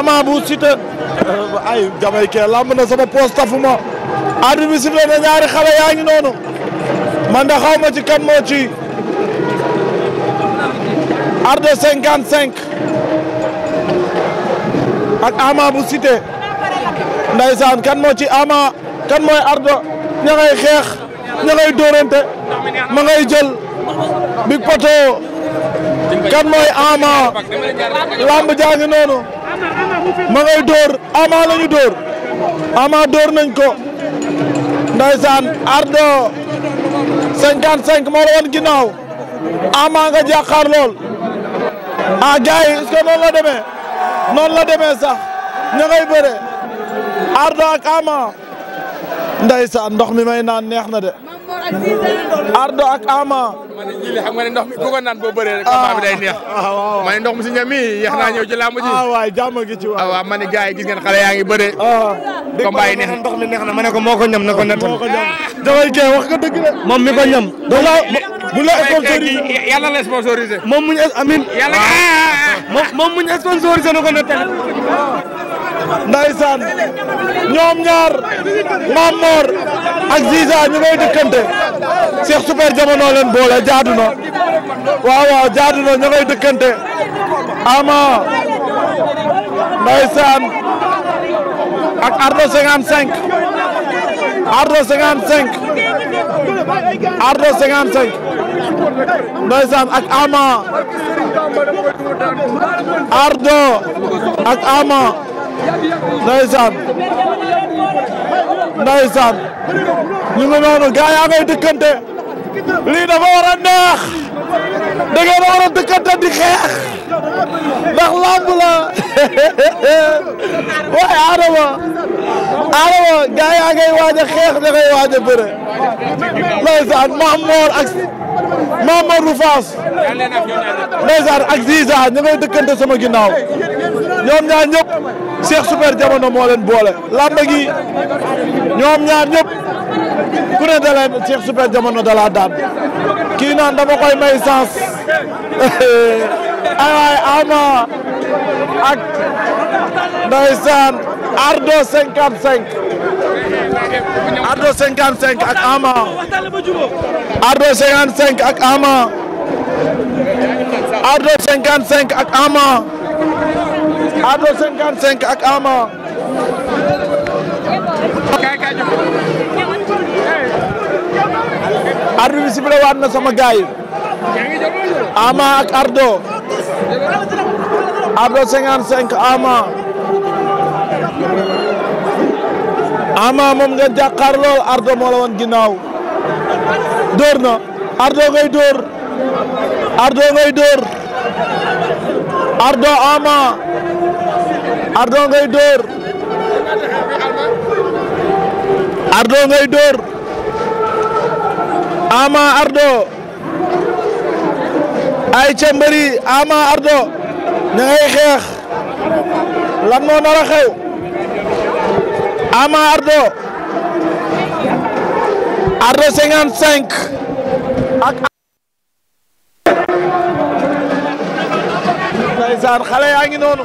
Ama bu Siteu eh, ay jamaykee lamb na sama poos tafuma arbitre bi sifflé na ñaari xale ngi noonu man da ma ci kan moo ci arde cinquante cinq ak Ama bu Siteu ndaysaan kan moo ci Ama kan mooy arde ña xeex ña ngay ma ngay jël big poto kan mooy Ama lamb jaa ngi noonu ma ngay dóor ama lañu dóor ama dóor nañ ko ndaysaan ardo 55 moo la woon ginnaaw ama nga jàkkaar lool ah gars yi est la demee noonu la demee sax ña ngay bëre ardo ak ama ndaysaan ndox mi may naan neex na de Ardo ak Ama. ma ne jili xam nga ne ndox mi ku ko naan boo bëree rek. Ah. combat bi day neex. Ah, ma ne ndox mi si ñam yi yéex naa ah. ñëw ci làmb ji. ah waay jàmm gi ci waaw ma ne gars yi gis ngeen xale yaa ngi bëre. combat yi neex na ndox mi neex na ma ne ko moo ko ñam na ko nettal. dafay kay wax nga ñam. donc bu la sponsorisé yàlla mu ñu amin. na ko nettal. ndaysaan ñoom ñaar Mame Mor ak Ziza ñu ngay dëkkante Cheikh Super Jamono leen boole jaadu na ñu ngay dëkkante Ama ndaysaan ak Ardo 55 Ardo 55 Ardo 55 ndaysaan ak Ama Ardo ak Ama ndeysaan ndeysaan ñu ngi noonu gaa yaa ngay dëkkante lii dafa war a neex da ngeen war a dëkkante di xeex ndax làmb la waaye Adama Adama ngay waaj xeex da ngay waaj bëre ndeysaan Mamor ak Mamor Rufaas ndeysaan ak Ziza ñu ngay dëkkante sama ginnaaw ñoom ñaar ñëpp Cheikh Super Diamono moo boole làmb gi ñoom ñaar ñëpp ku ne da leen Cheikh Super Diamono da laa daan kii naan dama koy may sens Ama ak ndeysaan Ardo 55 Ardo 55 ak Ama Ardo 55 ak ak Ama Ado 55 ak Ama. arbitre bi sifflé waat na sama Ama ak Ardo. Ardo 55 Ama. Ama moom nga jàkkaar lool Ardo moo la woon ginnaaw. Dóor na Ardo ngay dóor. Ardo ngay dóor. Ardo Ama. Ardo ngay dóor Ama Ardo ay ca Ama Ardo ña ngay xeex lan moo nar xew Ama Ardo Ardo 55 ak ndeysaan xale yaa ngi noonu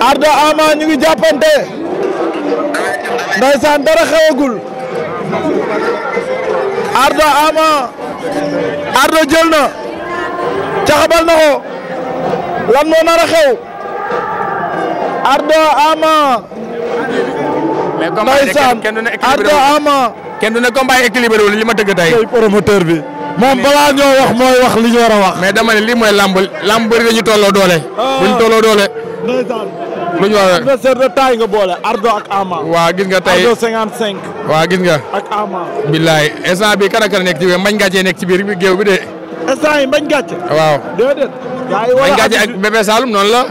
Ardo Ama ñu ngi jàppante ndaysaan dara xewagul Ardo Ama Ardo jël na caxabal na lan moo nar Ardo Ama ndaysaan Ardo Ama kenn du ne combat wul li ma dëgg tey promoteur bi moom balaa wax mooy wax li wax mais dama ne lii mooy lamb lamb bëri dañu tolloo doole ah. tolloo doole lu ñu nga boole Ardo ak Ama. waa gis nga tey Ardo 55. waa gis nga. ak Ama. billaay instant bi kan ak kan nekk ci biir mbañ gàccee nekk ci biir géew bi de. instant yi mbañ gàcce. waaw déedéet. yaa ngi mbañ gàcce ak bébé Saloum noonu la.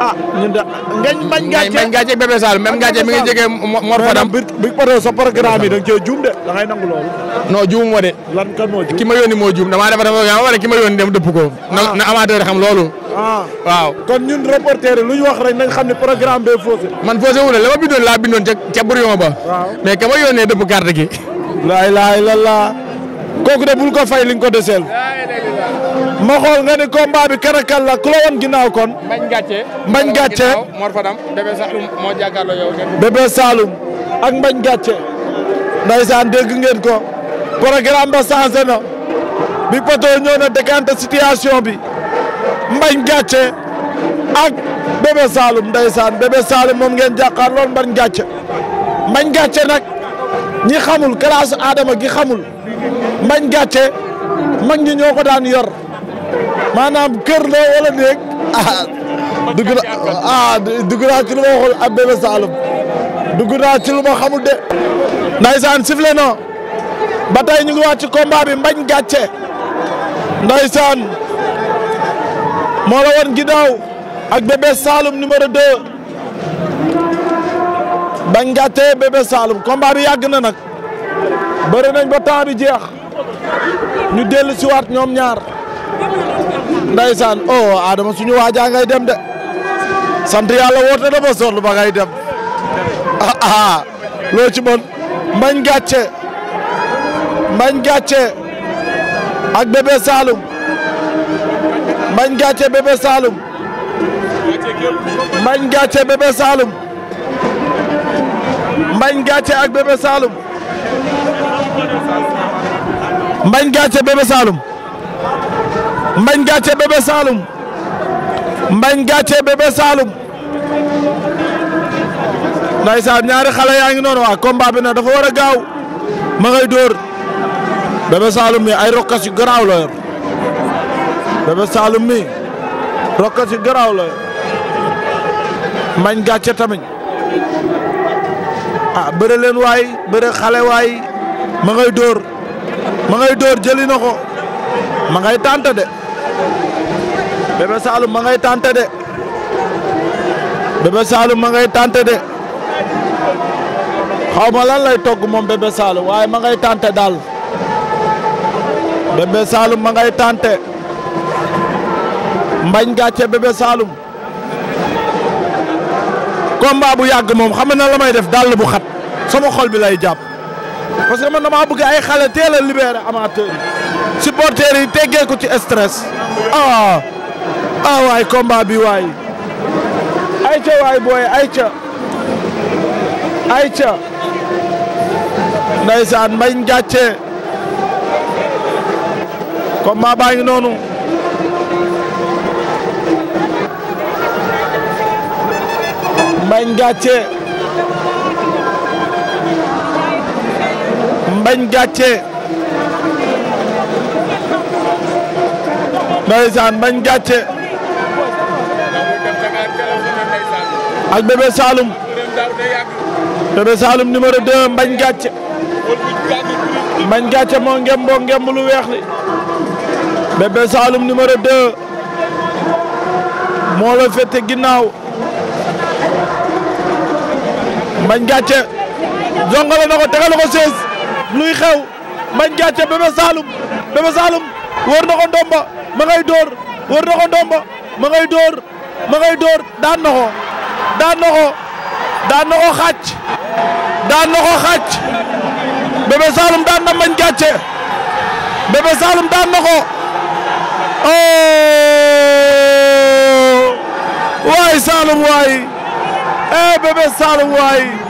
ah ñun de ngañ mbañ gàcce mbañ gàcce ak bébé Saloum même gàcce mi ngi jege Mor Fadam. bi bi paree sa programme yi da nga cee juum de. da ngay nangu loolu. ma yónni moo juum damaa defar dafa wala ki ma yónni dem dëpp ko. na ah. amateur xam loolu Ah. waaw kon ñun reporter lu ñu wax rek nañ xam ne programme bee faussé. man faussé wu la ma bindoon laa bindoon ca ca ba. waaw mais ka ma yónnee dëpp carte gi. la ilaha illallah. kooku de bul ko fay li ko de ma xool nga ni combat bi karakal la ku la woon ginnaaw kon. mbañ gàcce. mbañ gàcce Mor Fadam Bébé Saloum moo jàkkaarloo yow. Bébé Saloum ak mbañ gàcce. ndaysaan ngeen ko. programme ba changé na. bi poto ñëw na décanté situation bi. mbañ gàcce ak bébé Saloum ndeysaan bébé Saloum moom ngeen jàkkaar lool mbañ gàcce mbañ gàcce nag ñi xamul classe Adama gi xamul mbañ gàcce mag ñi ñoo ko daan yor maanaam kër la wala néeg ah dugg na ah dugg naa ci lu ma waxul dugg naa ci lu xamul de. Ndeysaan sifle na ba tey ñu ngi waat ci combat bi mbañ gàcce ndeysaan moo la woon ginnaaw ak bébé Saloum numéro 2 bañ gàttee bébé Saloum combat bi yàgg na nag bëri nañ ba temps bi jeex ñu dellu si ñoom ñaar ndaysaan oh Adama suñu waajaa ngay dem de sant yàlla woote na ba sonn ba ngay dem ah ah loo ci mën mbañ ak bébé Saloum. bañ Gàcce Bébé Saloum Mbagne Gàcce Bébé Saloum Mbagne Gàcce ak Bébé Saloum Mbagne Gàcce Bébé Saloum Mbagne Gàcce Bébé Saloum Mbagne Gàcce Bébé Saloum ndaysaan ñaari xale yaa ngi noonu waa combat bi dafa war a gaaw ma ngay dóor Bébé Saloum mi ay rokkas yu garaaw la Bébé Saloum mi rokka si garaaw la mañ gàcce tamit ah bëre leen waay bëre xale waay ma ngay dóor ma ngay dóor jëli na ko ma ngay tànte de Bébé Saloum ma ngay tànte de Bébé Saloum ma ngay tànte xaw ma lan lay togg moom Bébé Saloum waaye ma ngay tànte daal Bébé Saloum ma ngay tànte mbañ gàcce bébé Saloum combat bu yàgg moom xam na la may def dàll bu xat sama xol bi lay jàpp parce que man damaa bëgg ay xale teel a libéré amateur yi supporters yi teggee ko ci stress ah ah waay combat bi waay ayca waay booy ayca ayca ndaysaan mbañ gàcce combat baa ngi noonu mbañ gàcce mbañ gàcce ndeysaan gàcce ak bébé Saloum bébé Saloum numéro 2 mbañ gàcce mbañ moo ngem boo ngem lu weex li bébé moo la fete ginnaaw mbañ gàcce jongale na ko tegal luy xew mbañ gàcce bébé Saloum bébé wër na ko ndomba ma ngay dóor wër na ko ndomba ma ngay dóor ma ngay dóor daan na daan na daan na ko daan na ko xàcc bébé daan na mbañ gàcce bébé daan na ko oh! waay Saloum waay eh bébé Saloum waay